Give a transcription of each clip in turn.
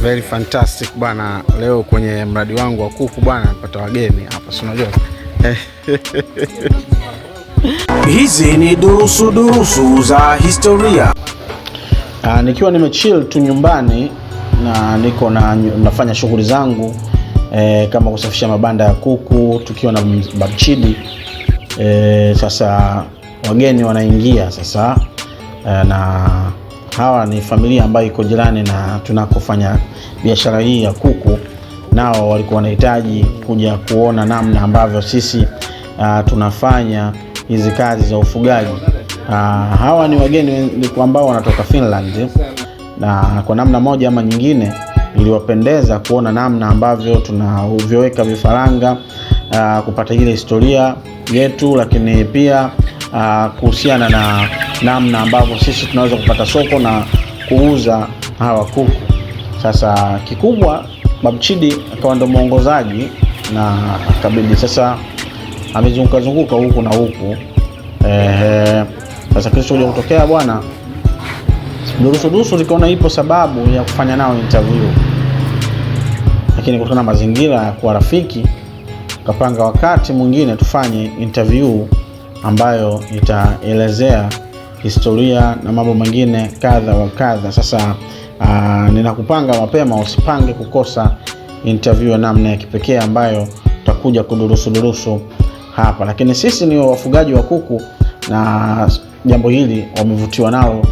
Very fantastic bwana, leo kwenye mradi wangu wa kuku bwana, napata wageni hapa, si unajua hizi ni durusu durusu za historia. Aa, ah, nikiwa nimechill tu nyumbani na niko na nafanya shughuli zangu e, kama kusafisha mabanda ya kuku tukiwa na Babchidi e, eh, sasa wageni wanaingia sasa e, na hawa ni familia ambayo iko jirani na tunakofanya biashara hii ya kuku, nao walikuwa wanahitaji kuja kuona namna ambavyo sisi uh, tunafanya hizi kazi za ufugaji. Uh, hawa ni wageni ambao wanatoka Finland na kwa namna moja ama nyingine iliwapendeza kuona namna ambavyo tunavyoweka vifaranga uh, kupata ile historia yetu, lakini pia uh, kuhusiana na namna ambavyo sisi tunaweza kupata soko na kuuza hawa kuku. Sasa kikubwa, Babchidi akawa ndo mwongozaji na akabidi sasa amezunguka zunguka huku na huku ehe. Sasa kilichokuja kutokea bwana, durusudusu likaona ipo sababu ya kufanya nao interview, lakini kutokana na mazingira ya kuwa rafiki, kapanga wakati mwingine tufanye interview ambayo itaelezea historia na mambo mengine kadha wa kadha. Sasa uh, ninakupanga mapema, usipange kukosa interview ya namna ya kipekee ambayo tutakuja kudurusu durusu hapa, lakini sisi ni wafugaji wa kuku na jambo hili wamevutiwa nalo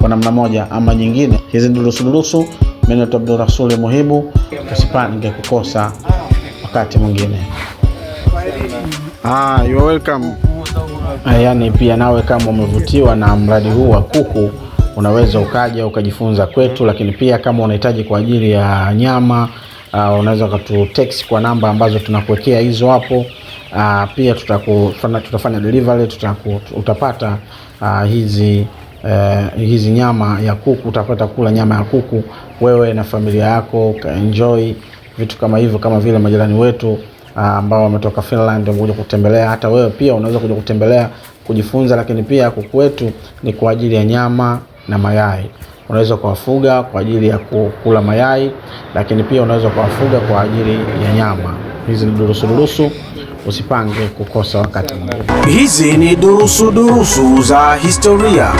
kwa namna moja ama nyingine. Hizi durusu durusu, mimi ni Abdulrasuli Muhibu, usipange kukosa wakati mwingine. Ah, you are welcome yaani pia nawe kama umevutiwa na mradi huu wa kuku unaweza ukaja ukajifunza kwetu, lakini pia kama unahitaji kwa ajili ya nyama uh, unaweza ukatutext kwa namba ambazo tunakuwekea hizo hapo. Uh, pia tutakufanya tutafanya delivery tutaku, utapata uh, hizi uh, hizi nyama ya kuku, utapata kula nyama ya kuku wewe na familia yako, enjoy vitu kama hivyo, kama vile majirani wetu Ah, ambao wametoka Finland wamekuja kutembelea. Hata wewe pia unaweza kuja kutembelea kujifunza, lakini pia kuku wetu ni kwa ajili ya nyama na mayai. Unaweza kuwafuga kwa ajili ya kukula mayai, lakini pia unaweza kuwafuga kwa ajili ya nyama. Hizi ni durusudurusu, usipange kukosa wakati mwingine. Hizi ni durusudurusu za historia.